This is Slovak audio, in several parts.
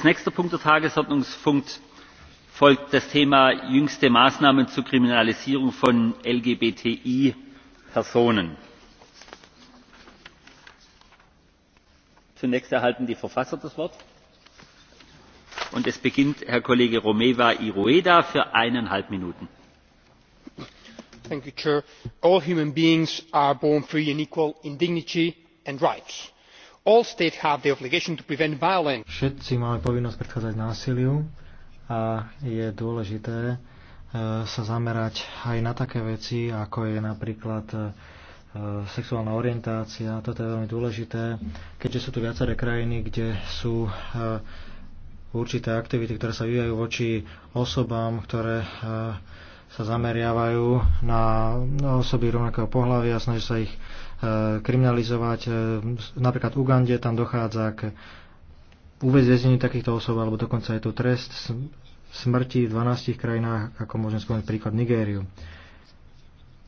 als nächster punkt der tagesordnung folgt das thema jüngste maßnahmen zur kriminalisierung von lgbti personen. zunächst erhalten die verfasser das wort und es beginnt herr kollege romeva i rueda für eineinhalb minuten. all human beings are born free and equal in dignity and rights. Všetci máme povinnosť predchádzať násiliu a je dôležité eh, sa zamerať aj na také veci, ako je napríklad eh, sexuálna orientácia. Toto je veľmi dôležité, keďže sú tu viaceré krajiny, kde sú eh, určité aktivity, ktoré sa vyvíjajú voči osobám, ktoré sa zameriavajú na osoby rovnakého pohľavia a snažia sa ich Eh, kriminalizovať. Eh, napríklad v Ugande tam dochádza k uväzeniu takýchto osob, alebo dokonca je tu trest smrti v 12 krajinách, ako môžem spomenúť príklad Nigériu.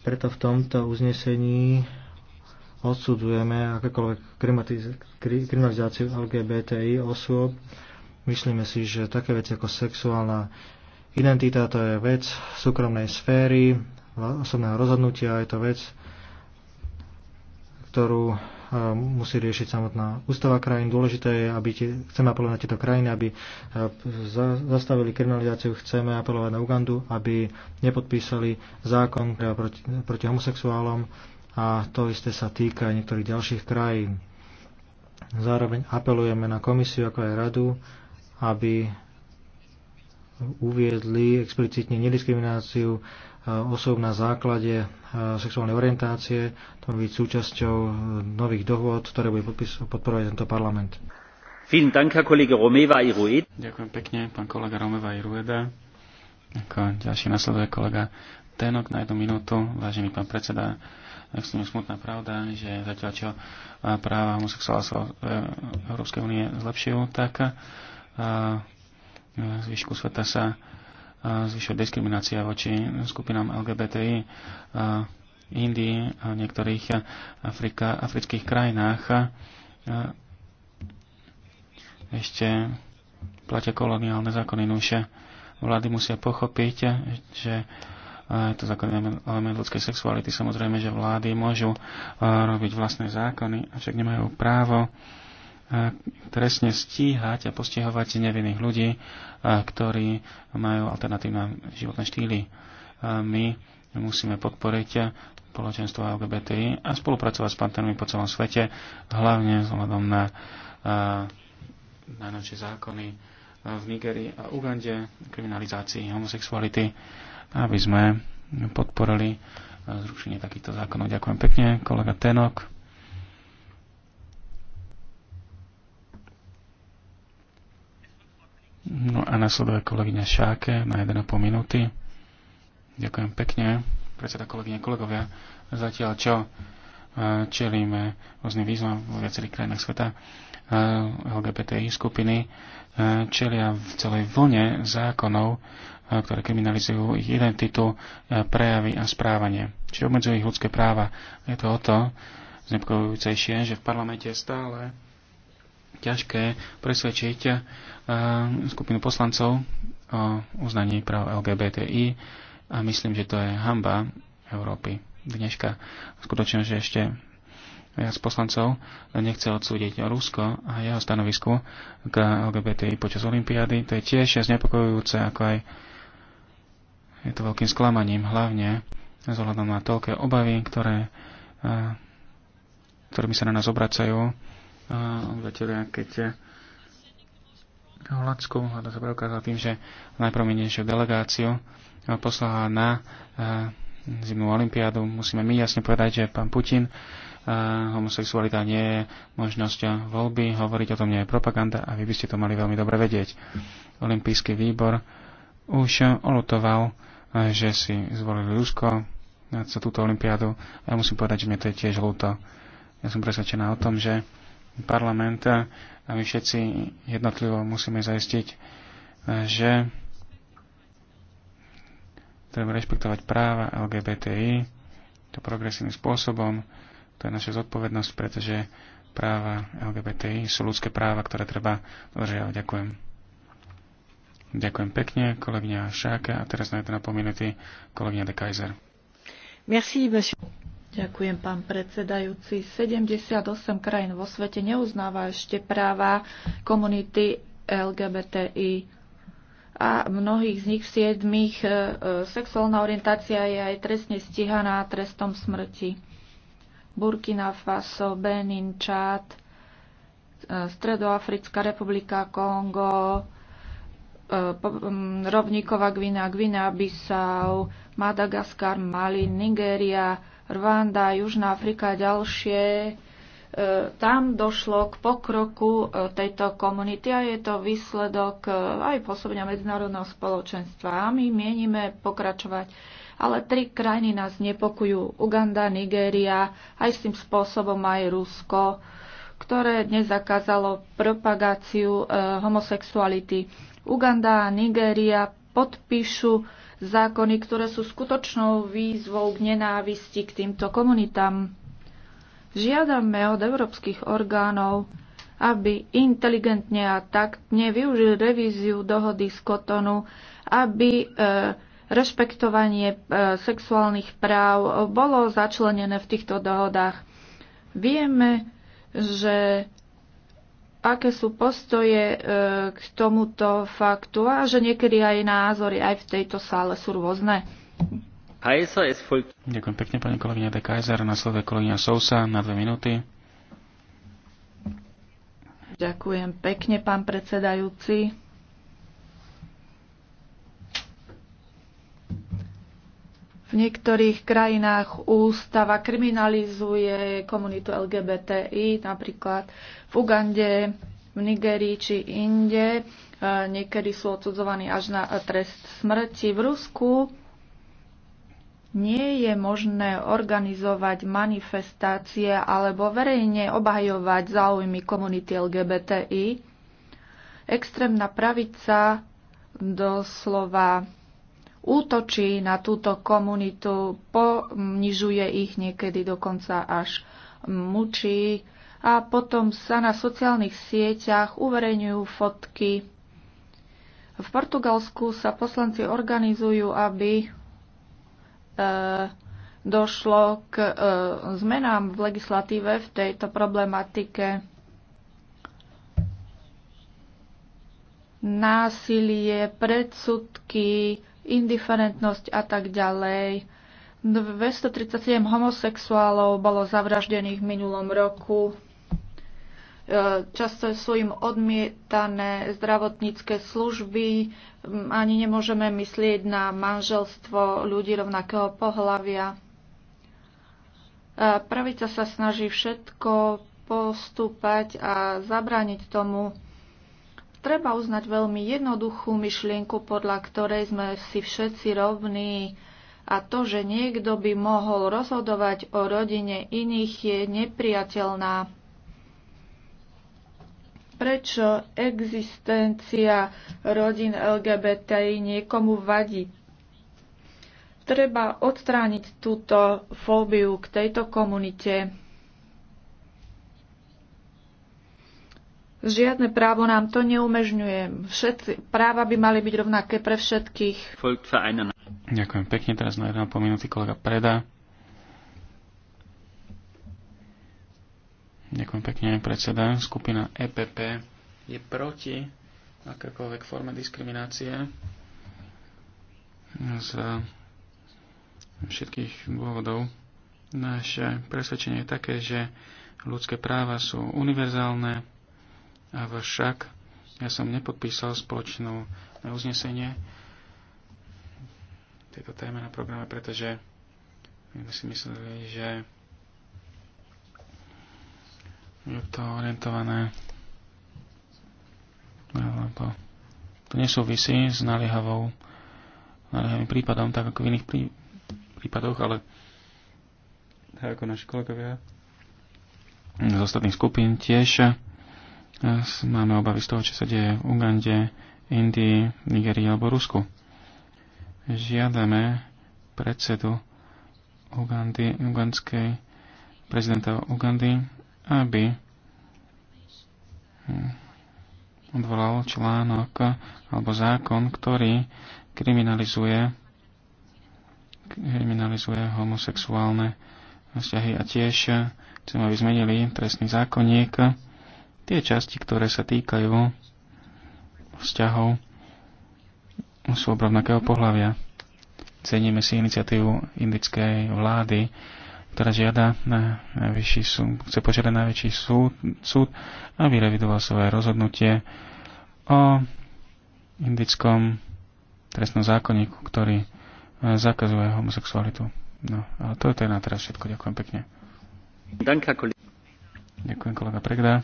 Preto v tomto uznesení odsudzujeme akékoľvek kriminalizáciu LGBTI osôb. Myslíme si, že také veci ako sexuálna identita to je vec súkromnej sféry, osobného rozhodnutia, je to vec, ktorú e, musí riešiť samotná ústava krajín. Dôležité je, aby tie, chceme apelovať na tieto krajiny, aby e, za, zastavili kriminalizáciu, chceme apelovať na Ugandu, aby nepodpísali zákon proti, proti homosexuálom a to isté sa týka aj niektorých ďalších krajín. Zároveň apelujeme na komisiu ako aj radu, aby uviedli explicitne nediskrimináciu osob na základe e, sexuálnej orientácie. To má byť súčasťou e, nových dohôd, ktoré bude podporovať tento parlament. Ďakujem pekne, pán kolega Romeva Irueda. Ako ďalší nasleduje kolega Tenok na jednu minútu. Vážený pán predseda, tak som smutná pravda, že zatiaľ čo e, práva homosexuálov sa Európskej únie zlepšujú, tak a, zvyšku sveta sa zvyšuje diskriminácia voči skupinám LGBTI v Indii a niektorých Afrika, afrických krajinách. Ešte platia koloniálne zákony nuše. Vlády musia pochopiť, že je to základný element ľudskej sexuality. Samozrejme, že vlády môžu robiť vlastné zákony, avšak nemajú právo trestne stíhať a postihovať nevinných ľudí, ktorí majú alternatívne životné štýly. My musíme podporiť spoločenstvo LGBTI a spolupracovať s partnermi po celom svete, hlavne vzhľadom na najnovšie zákony v Nigerii a Ugande, kriminalizácii homosexuality, aby sme podporili zrušenie takýchto zákonov. Ďakujem pekne, kolega Tenok. No a nasleduje kolegyňa Šáke na 1,5 minúty. Ďakujem pekne, predseda kolegyne, kolegovia. Zatiaľ čo e, čelíme rôznym výzvam vo viacerých krajinách sveta, e, LGBTI skupiny e, čelia v celej vlne zákonov, ktoré kriminalizujú ich identitu, prejavy a správanie. Či obmedzujú ich ľudské práva. Je to o to znepokojujúcejšie, že v parlamente stále ťažké presvedčiť eh, skupinu poslancov o uznaní práv LGBTI a myslím, že to je hamba Európy dneška. Skutočne, že ešte ja z poslancov nechce odsúdiť Rusko a jeho stanovisku k LGBTI počas Olympiády. To je tiež znepokojujúce, ako aj je to veľkým sklamaním, hlavne vzhľadom na toľké obavy, ktoré, eh, ktorými sa na nás obracajú obyvateľia, keď eh, Holandsku hľada sa preukázala tým, že najprominejšiu delegáciu eh, poslala na eh, zimnú olimpiádu. Musíme my jasne povedať, že pán Putin homosexualita nie je možnosť voľby, hovoriť o tom nie je propaganda a vy by ste to mali veľmi dobre vedieť. Olympijský výbor už olutoval, že si zvolili Rusko za túto olimpiádu. Ja musím povedať, že mne to je tiež ľúto. Ja som presvedčená o tom, že parlament a my všetci jednotlivo musíme zaistiť, že treba rešpektovať práva LGBTI to progresívnym spôsobom. To je naša zodpovednosť, pretože práva LGBTI sú ľudské práva, ktoré treba dodržiavať. Ďakujem. Ďakujem pekne, kolegyňa Šáka. A teraz na 1,5 minúty kolegyňa de Kaiser. Merci, monsieur. Ďakujem, pán predsedajúci. 78 krajín vo svete neuznáva ešte práva komunity LGBTI. A mnohých z nich siedmých e, e, sexuálna orientácia je aj trestne stíhaná trestom smrti. Burkina Faso, Benin, Čad, e, Stredoafrická republika, Kongo, Rovníková Gvina, Gvina Bissau, Madagaskar, Mali, Nigéria, Rwanda, Južná Afrika a ďalšie, e, tam došlo k pokroku e, tejto komunity a je to výsledok e, aj pôsobenia medzinárodného spoločenstva. A my mienime pokračovať. Ale tri krajiny nás nepokujú. Uganda, Nigéria, aj s tým spôsobom aj Rusko, ktoré dnes zakázalo propagáciu homosexuality. Uganda a Nigéria podpíšu zákony, ktoré sú skutočnou výzvou k nenávisti k týmto komunitám. Žiadame od európskych orgánov, aby inteligentne a taktne využili revíziu dohody z Kotonu, aby e, rešpektovanie e, sexuálnych práv bolo začlenené v týchto dohodách. Vieme, že aké sú postoje e, k tomuto faktu a že niekedy aj názory aj v tejto sále sú rôzne. Ďakujem pekne, pani kolegyňa De Kaiser. Nasleduje kolegyňa Sousa na dve minúty. Ďakujem pekne, pán predsedajúci. V niektorých krajinách ústava kriminalizuje komunitu LGBTI, napríklad v Ugande, v Nigerii či inde. E, niekedy sú odsudzovaní až na trest smrti. V Rusku nie je možné organizovať manifestácie alebo verejne obhajovať záujmy komunity LGBTI. Extrémna pravica doslova útočí na túto komunitu, ponižuje ich niekedy dokonca až mučí a potom sa na sociálnych sieťach uverejňujú fotky. V Portugalsku sa poslanci organizujú, aby e, došlo k e, zmenám v legislatíve v tejto problematike. Násilie, predsudky, indiferentnosť a tak ďalej. 237 homosexuálov bolo zavraždených v minulom roku. E, často sú im odmietané zdravotnícke služby. Ani nemôžeme myslieť na manželstvo ľudí rovnakého pohľavia. E, pravica sa snaží všetko postúpať a zabrániť tomu, Treba uznať veľmi jednoduchú myšlienku, podľa ktorej sme si všetci rovní a to, že niekto by mohol rozhodovať o rodine iných, je nepriateľná. Prečo existencia rodín LGBTI niekomu vadí? Treba odstrániť túto fóbiu k tejto komunite. Žiadne právo nám to neumežňuje. Všetci, práva by mali byť rovnaké pre všetkých. Ďakujem pekne. Teraz na 1,5 minúty kolega Preda. Ďakujem pekne, predseda. Skupina EPP je proti akékoľvek forme diskriminácie z všetkých dôvodov. Naše presvedčenie je také, že ľudské práva sú univerzálne, Avšak ja som nepodpísal spoločnú uznesenie tejto téme na programe, pretože my sme si mysleli, že je to orientované alebo to nesúvisí s naliehavou naliehavým prípadom, tak ako v iných prí, prípadoch, ale tak ako naši kolegovia z ostatných skupín tiež Máme obavy z toho, čo sa deje v Ugande, Indii, Nigerii alebo Rusku. Žiadame predsedu Ugandy, ugandskej prezidenta Ugandy, aby hm, odvolal článok alebo zákon, ktorý kriminalizuje kriminalizuje homosexuálne vzťahy a tiež chcem, aby zmenili trestný zákonník tie časti, ktoré sa týkajú vzťahov sú obrovnakého pohľavia. Ceníme si iniciatívu indickej vlády, ktorá žiada na najvyšší súd, chce požiadať najväčší súd, súd, aby revidoval svoje rozhodnutie o indickom trestnom zákonníku, ktorý e, zakazuje homosexualitu. No, a to je to na teraz všetko. Ďakujem pekne. Ďakujem kolega Pregda.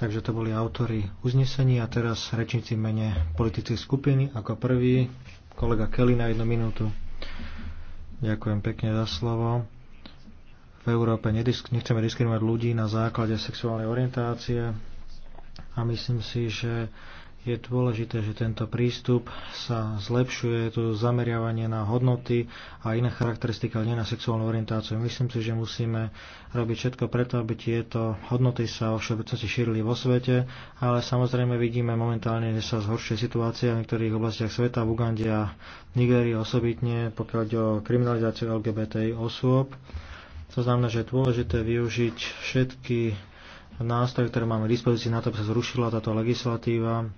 Takže to boli autory uznesení a teraz rečníci mene politických skupiny. Ako prvý kolega Kelly na jednu minútu. Ďakujem pekne za slovo. V Európe nechceme diskriminovať ľudí na základe sexuálnej orientácie a myslím si, že je dôležité, že tento prístup sa zlepšuje, to tu zameriavanie na hodnoty a iné charakteristiky, ale nie na sexuálnu orientáciu. Myslím si, že musíme robiť všetko preto, aby tieto hodnoty sa o všeobecnosti šírili vo svete, ale samozrejme vidíme momentálne, že sa zhoršuje situácia v niektorých oblastiach sveta, v Ugande a Nigérii osobitne, pokiaľ ide o kriminalizáciu LGBTI osôb. To znamená, že je dôležité využiť všetky nástroje, ktoré máme v dispozícii na to, aby sa zrušila táto legislatíva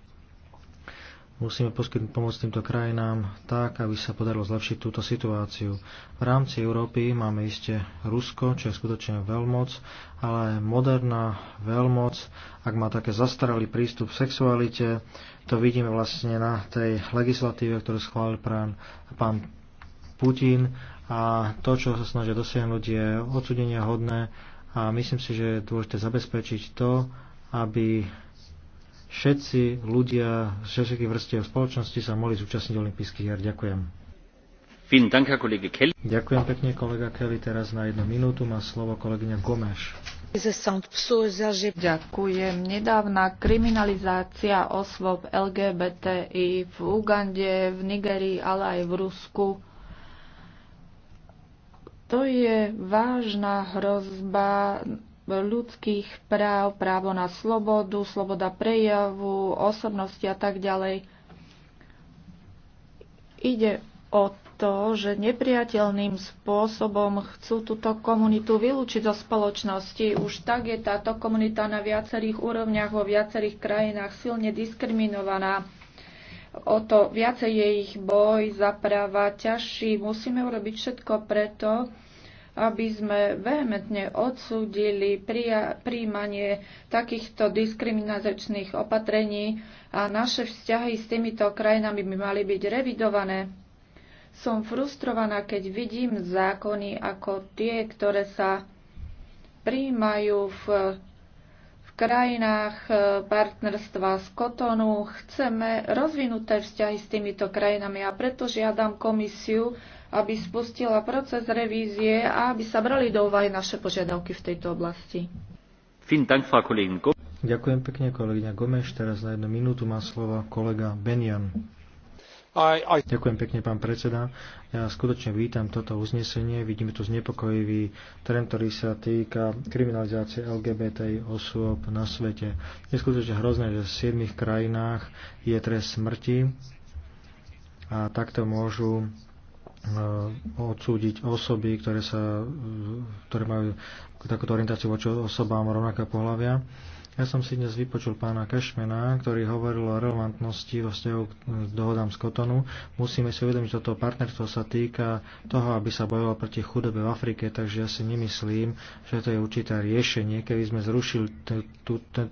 Musíme poskytnúť pomoc týmto krajinám tak, aby sa podarilo zlepšiť túto situáciu. V rámci Európy máme iste Rusko, čo je skutočne veľmoc, ale moderná veľmoc, ak má také zastaralý prístup k sexualite, to vidíme vlastne na tej legislatíve, ktorú schválil pán, pán Putin a to, čo sa snažia dosiahnuť, je odsudenia hodné a myslím si, že je dôležité zabezpečiť to, aby všetci ľudia z všetkých vrstiev spoločnosti sa mohli zúčastniť olympijských hier. Ďakujem. Ďakujem pekne, kolega Kelly. Teraz na jednu minútu má slovo kolegyňa Gomeš. Ďakujem. Nedávna kriminalizácia osôb LGBTI v Ugande, v Nigerii, ale aj v Rusku. To je vážna hrozba ľudských práv, právo na slobodu, sloboda prejavu, osobnosti a tak ďalej. Ide o to, že nepriateľným spôsobom chcú túto komunitu vylúčiť zo spoločnosti. Už tak je táto komunita na viacerých úrovniach vo viacerých krajinách silne diskriminovaná. O to viacej je ich boj za práva ťažší. Musíme urobiť všetko preto, aby sme vehementne odsúdili príjmanie takýchto diskriminačných opatrení a naše vzťahy s týmito krajinami by mali byť revidované. Som frustrovaná, keď vidím zákony ako tie, ktoré sa príjmajú v v krajinách e, partnerstva z Kotonu. Chceme rozvinuté vzťahy s týmito krajinami a preto žiadam komisiu, aby spustila proces revízie a aby sa brali do úvahy naše požiadavky v tejto oblasti. Ďakujem pekne, kolegyňa Gomeš. Teraz na jednu minútu má slovo kolega Benian. Ďakujem pekne, pán predseda. Ja skutočne vítam toto uznesenie. Vidíme tu znepokojivý trend, ktorý sa týka kriminalizácie LGBT osôb na svete. Je skutočne hrozné, že v 7 krajinách je trest smrti a takto môžu e, odsúdiť osoby, ktoré, sa, e, ktoré majú takúto orientáciu voči osobám rovnakého pohľavia. Ja som si dnes vypočul pána Kašmena, ktorý hovoril o relevantnosti vo vzťahu k dohodám z Kotonu. Musíme si uvedomiť, že toto partnerstvo sa týka toho, aby sa bojovalo proti chudobe v Afrike, takže ja si nemyslím, že to je určité riešenie, keby sme zrušili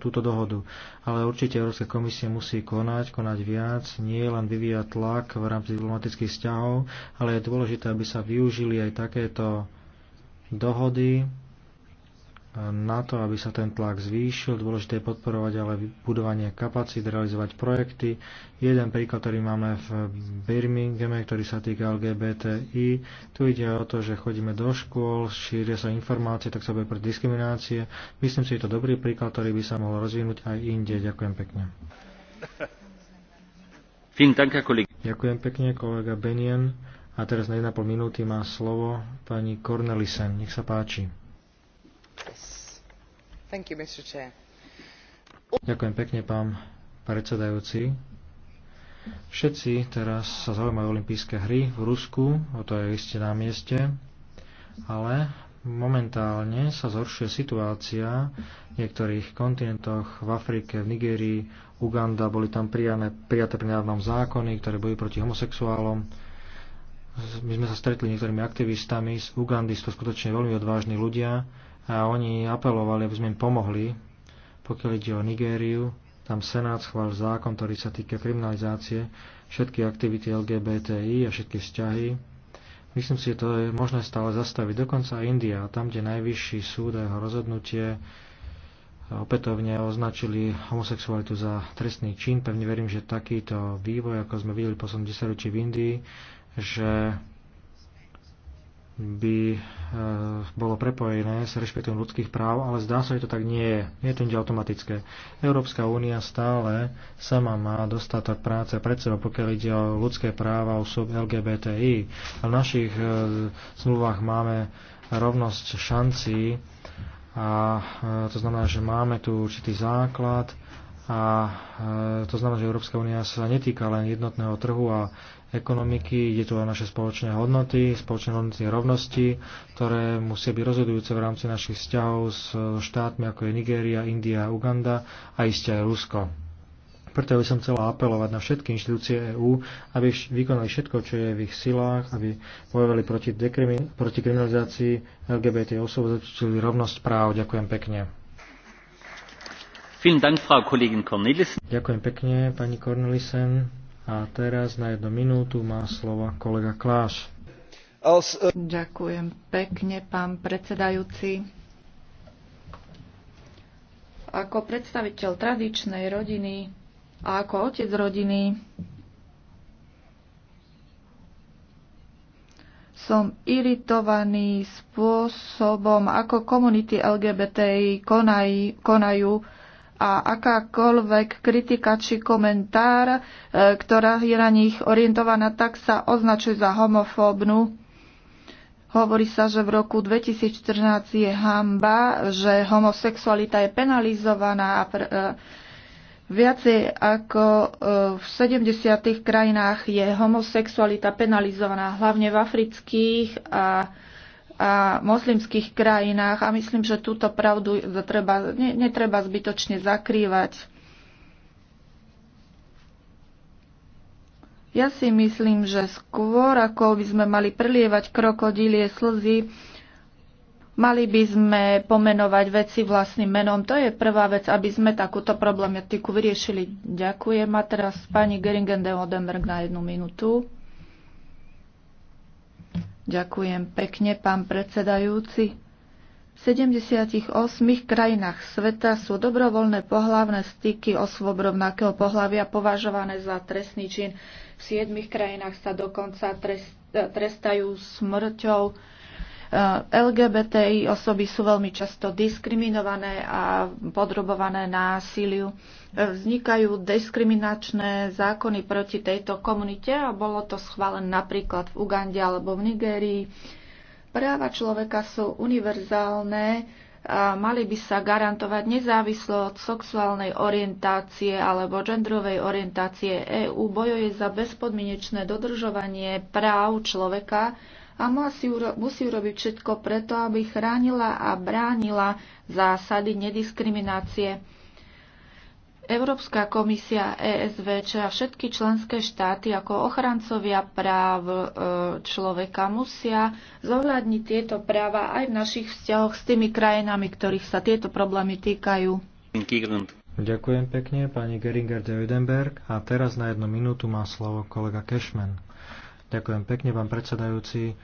túto dohodu. Ale určite Európska komisia musí konať, konať viac, nie len vyvíjať tlak v rámci diplomatických vzťahov, ale je dôležité, aby sa využili aj takéto dohody, na to, aby sa ten tlak zvýšil. Dôležité je podporovať ale budovanie kapacít, realizovať projekty. Jeden príklad, ktorý máme v Birminghame, ktorý sa týka LGBTI, tu ide o to, že chodíme do škôl, šíria sa informácie, tak sa bude pre diskriminácie. Myslím si, že je to dobrý príklad, ktorý by sa mohol rozvinúť aj inde. Ďakujem pekne. Ďakujem pekne, kolega Benien. A teraz na 1,5 minúty má slovo pani Cornelisen. Nech sa páči. Ďakujem pekne, pán predsedajúci. Všetci teraz sa zaujímajú olympijské hry v Rusku, o to je iste na mieste, ale momentálne sa zhoršuje situácia v niektorých kontinentoch, v Afrike, v Nigerii, Uganda, boli tam prijané, prijaté prinárnom zákony, ktoré boli proti homosexuálom. My sme sa stretli niektorými aktivistami z Ugandy, sú to skutočne veľmi odvážni ľudia, a oni apelovali, aby sme im pomohli, pokiaľ ide o Nigériu. Tam Senát schválil zákon, ktorý sa týka kriminalizácie všetky aktivity LGBTI a všetky vzťahy. Myslím si, že to je možné stále zastaviť. Dokonca India, tam, kde najvyšší súd a jeho rozhodnutie opätovne označili homosexualitu za trestný čin. Pevne verím, že takýto vývoj, ako sme videli po 80 ročí v Indii, že by eh, bolo prepojené s rešpektom ľudských práv, ale zdá sa, že to tak nie je. Nie je to nič automatické. Európska únia stále sama má dostatok práce pred sebou, pokiaľ ide o ľudské práva osob LGBTI. A v našich e, zmluvách máme rovnosť šancí a e, to znamená, že máme tu určitý základ a e, to znamená, že Európska únia sa netýka len jednotného trhu a ekonomiky, ide tu o naše spoločné hodnoty, spoločné hodnoty rovnosti, ktoré musia byť rozhodujúce v rámci našich vzťahov s štátmi ako je Nigéria, India, Uganda a isté aj Rusko. Preto by som chcel apelovať na všetky inštitúcie EÚ, aby vykonali všetko, čo je v ich silách, aby bojovali proti, proti kriminalizácii LGBT osôb, zabezpečili rovnosť práv. Ďakujem pekne. Ďakujem pekne, pani Cornelissen. A teraz na jednu minútu má slova kolega Kláš. Eh, Ďakujem pekne, pán predsedajúci. Ako predstaviteľ tradičnej rodiny a ako otec rodiny som iritovaný spôsobom, ako komunity LGBTI konajú, konajú a akákoľvek kritika či komentár, e, ktorá je na nich orientovaná, tak sa označuje za homofóbnu. Hovorí sa, že v roku 2014 je hamba, že homosexualita je penalizovaná a pr- e, Viacej ako e, v 70. krajinách je homosexualita penalizovaná, hlavne v afrických a a moslimských krajinách a myslím, že túto pravdu treba, ne, netreba zbytočne zakrývať. Ja si myslím, že skôr ako by sme mali prelievať krokodílie slzy, mali by sme pomenovať veci vlastným menom. To je prvá vec, aby sme takúto problematiku vyriešili. Ďakujem a teraz pani Geringen de Odenberg na jednu minútu. Ďakujem pekne, pán predsedajúci. V 78 krajinách sveta sú dobrovoľné pohlavné styky osôb rovnakého pohlavia považované za trestný čin. V 7 krajinách sa dokonca trestajú smrťou LGBTI osoby sú veľmi často diskriminované a podrobované násiliu. Vznikajú diskriminačné zákony proti tejto komunite a bolo to schválené napríklad v Ugande alebo v Nigérii. Práva človeka sú univerzálne a mali by sa garantovať nezávislo od sexuálnej orientácie alebo genderovej orientácie. EÚ bojuje za bezpodmienečné dodržovanie práv človeka a musí, uro- musí urobiť všetko preto, aby chránila a bránila zásady nediskriminácie. Európska komisia ESVČ a všetky členské štáty ako ochrancovia práv e, človeka musia zohľadniť tieto práva aj v našich vzťahoch s tými krajinami, ktorých sa tieto problémy týkajú. Ďakujem pekne, pani Geringer de Udenberg. A teraz na jednu minútu má slovo kolega Cashman. Ďakujem pekne, pán predsedajúci.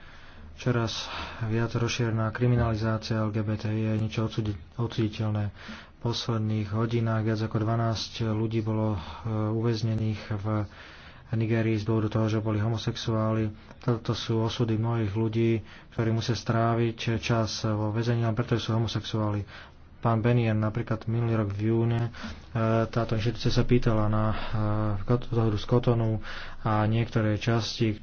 Čoraz viac rozšírená kriminalizácia LGBT je niečo odsuditeľné. V posledných hodinách viac ako 12 ľudí bolo e, uväznených v Nigerii z dôvodu toho, že boli homosexuáli. Toto sú osudy mnohých ľudí, ktorí musia stráviť čas vo väzení len preto, sú homosexuáli. Pán Benien napríklad minulý rok v júne e, táto inštitúcia sa pýtala na e, dohodu z Kotonu a niektoré časti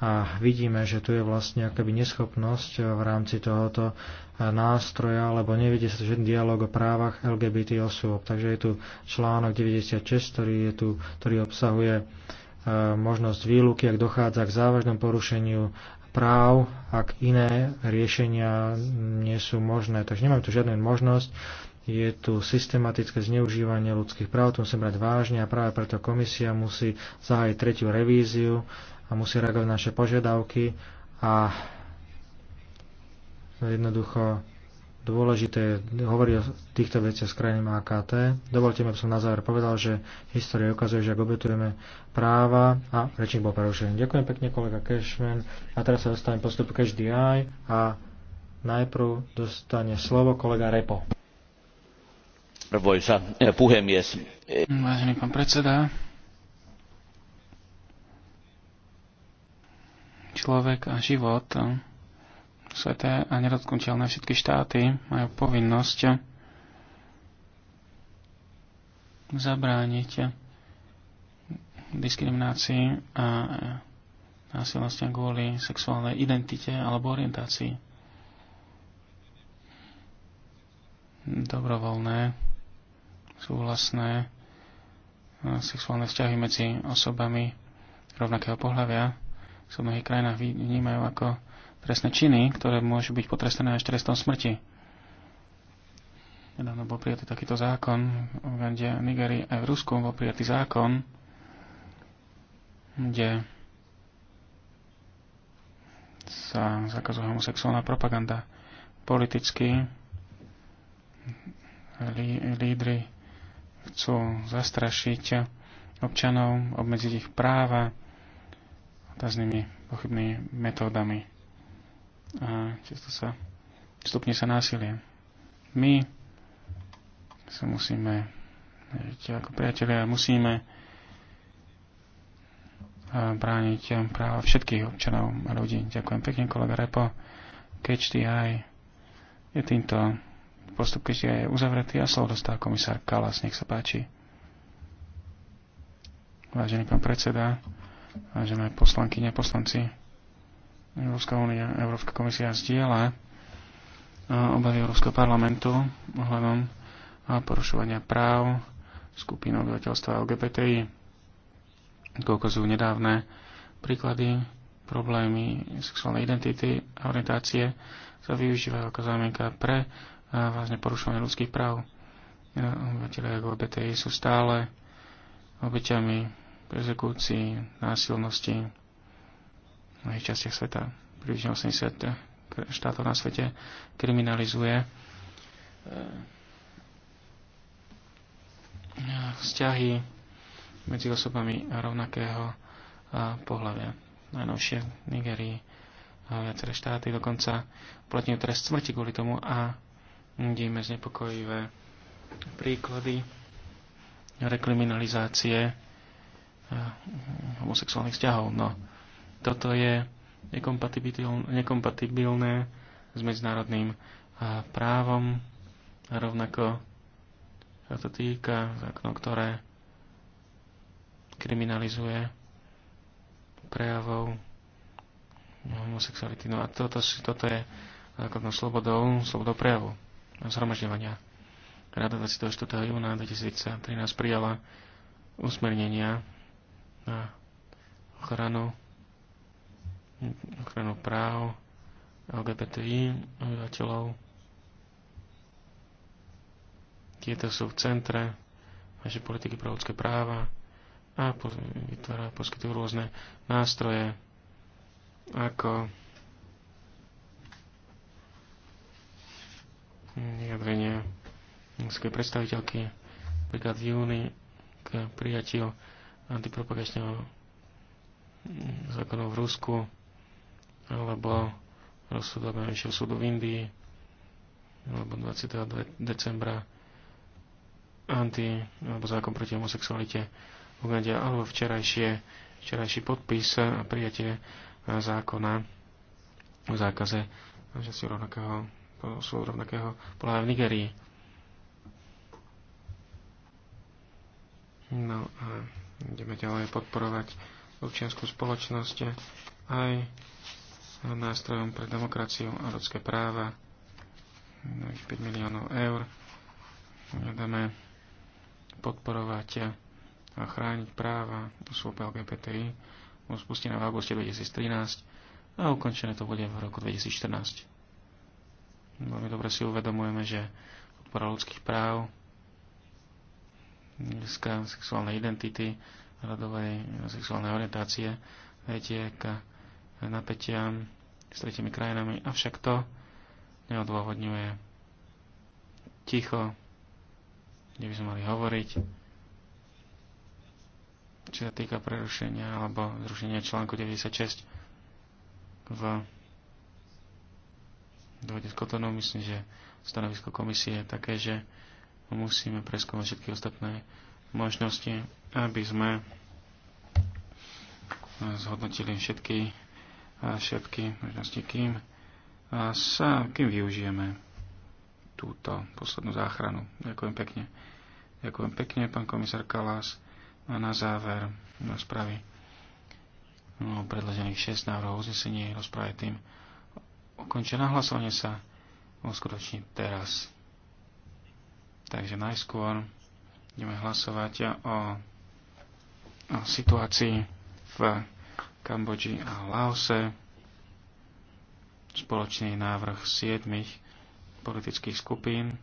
a vidíme, že tu je vlastne akoby neschopnosť v rámci tohoto nástroja, lebo nevedie sa žiadny dialog o právach LGBT osôb. Takže je tu článok 96, ktorý, je tu, ktorý obsahuje e, možnosť výluky, ak dochádza k závažnom porušeniu práv, ak iné riešenia nie sú možné. Takže nemám tu žiadnu možnosť. Je tu systematické zneužívanie ľudských práv, to musím brať vážne a práve preto komisia musí zahájiť tretiu revíziu a musí reagovať naše požiadavky a jednoducho dôležité je hovoriť o týchto veciach s krajinami AKT. Dovolte mi, aby som na záver povedal, že história ukazuje, že ak obetujeme práva a rečník bol prerušený. Ďakujem pekne, kolega Cashman. A teraz sa dostávam postup k HDI a najprv dostane slovo kolega Repo. Arvoisa puhemies. Vážený pán predseda, človek a život eh, sveté a nedotknutelné všetky štáty majú povinnosť zabrániť diskriminácii a násilnostiam kvôli sexuálnej identite alebo orientácii. Dobrovoľné, súhlasné eh, sexuálne vzťahy medzi osobami rovnakého pohľavia sa v mnohých krajinách vnímajú ako trestné činy, ktoré môžu byť potrestané až trestom smrti. Nedávno bol prijatý takýto zákon v Ugande, Nigerii aj v Rusku bol prijatý zákon, kde sa zakazuje homosexuálna propaganda. Politicky lí, lídry chcú zastrašiť občanov, obmedziť ich práva, otáznymi pochybnými metódami. A často sa stupne sa násilie. My sa musíme žiť ako priatelia musíme brániť práva všetkých občanov a ľudí. Ďakujem pekne, kolega Repo. Catch je týmto postup Catch je uzavretý a slovo dostáva komisár Kalas. Nech sa páči. Vážený pán predseda, vážené poslanky, neposlanci. Európska únia, Európska komisia zdieľa e, obavy Európskeho parlamentu ohľadom e, porušovania práv skupín obyvateľstva LGBTI. Koľko sú nedávne príklady, problémy sexuálnej identity a orientácie sa využívajú ako zámienka pre e, vážne porušovanie ľudských práv. Obyvateľe LGBTI sú stále obyťami prezekúcii, násilnosti v mnohých častiach sveta. Približne 80 štátov na svete kriminalizuje eh, vzťahy medzi osobami rovnakého eh, pohľavia. Najnovšie v Nigerii eh, viaceré štáty dokonca uplatňujú trest smrti kvôli tomu a vidíme znepokojivé príklady rekriminalizácie Eh, homosexuálnych vzťahov. No, toto je nekompatibilné s medzinárodným eh, právom a rovnako sa to týka zákonu, ktoré kriminalizuje prejavov homosexuality. No a toto, toto je základnou slobodou, slobodou prejavu a zhromažďovania. Rada 24. júna 2013 prijala usmernenia na ochranu, ochranu práv LGBTI obyvateľov. Tieto sú v centre našej politiky pro ľudské práva a vytvára, poskytujú rôzne nástroje, ako vyjadrenie ľudskej predstaviteľky, napríklad v júni k prijatiu antipropagačného zákonov v Rusku alebo rozsudok Najvyššieho súdu v Indii alebo 22. decembra anti, alebo zákon proti homosexualite v Ugande alebo včerajšie, včerajší podpis a prijatie zákona o zákaze že sú rovnakého, sú rovnakého v Nigerii. No a Ideme ďalej podporovať občianskú spoločnosť aj nástrojom pre demokraciu a ľudské práva. 5 miliónov eur. Ideme podporovať a chrániť práva osôb LGBTI. Bolo spustené v auguste 2013 a ukončené to bude v roku 2014. Veľmi dobre si uvedomujeme, že podpora ľudských práv ľudská sexuálnej identity, rodovej sexuálnej orientácie vedie k napätiam s tretimi krajinami, avšak to neodôvodňuje ticho, kde by sme mali hovoriť, čo sa týka prerušenia alebo zrušenia článku 96 v dôvode s Kotonou, myslím, že stanovisko komisie je také, že musíme preskúmať všetky ostatné možnosti, aby sme zhodnotili všetky, všetky možnosti, kým sa, kým využijeme túto poslednú záchranu. Ďakujem pekne. Ďakujem pekne, pán komisár Kalás. A na záver rozpravy no, predložených 6 návrhov uznesení rozpravy tým ukončená hlasovanie sa uskutoční teraz. Takže najskôr ideme hlasovať o, o situácii v Kambodži a Laose. Spoločný návrh siedmých politických skupín.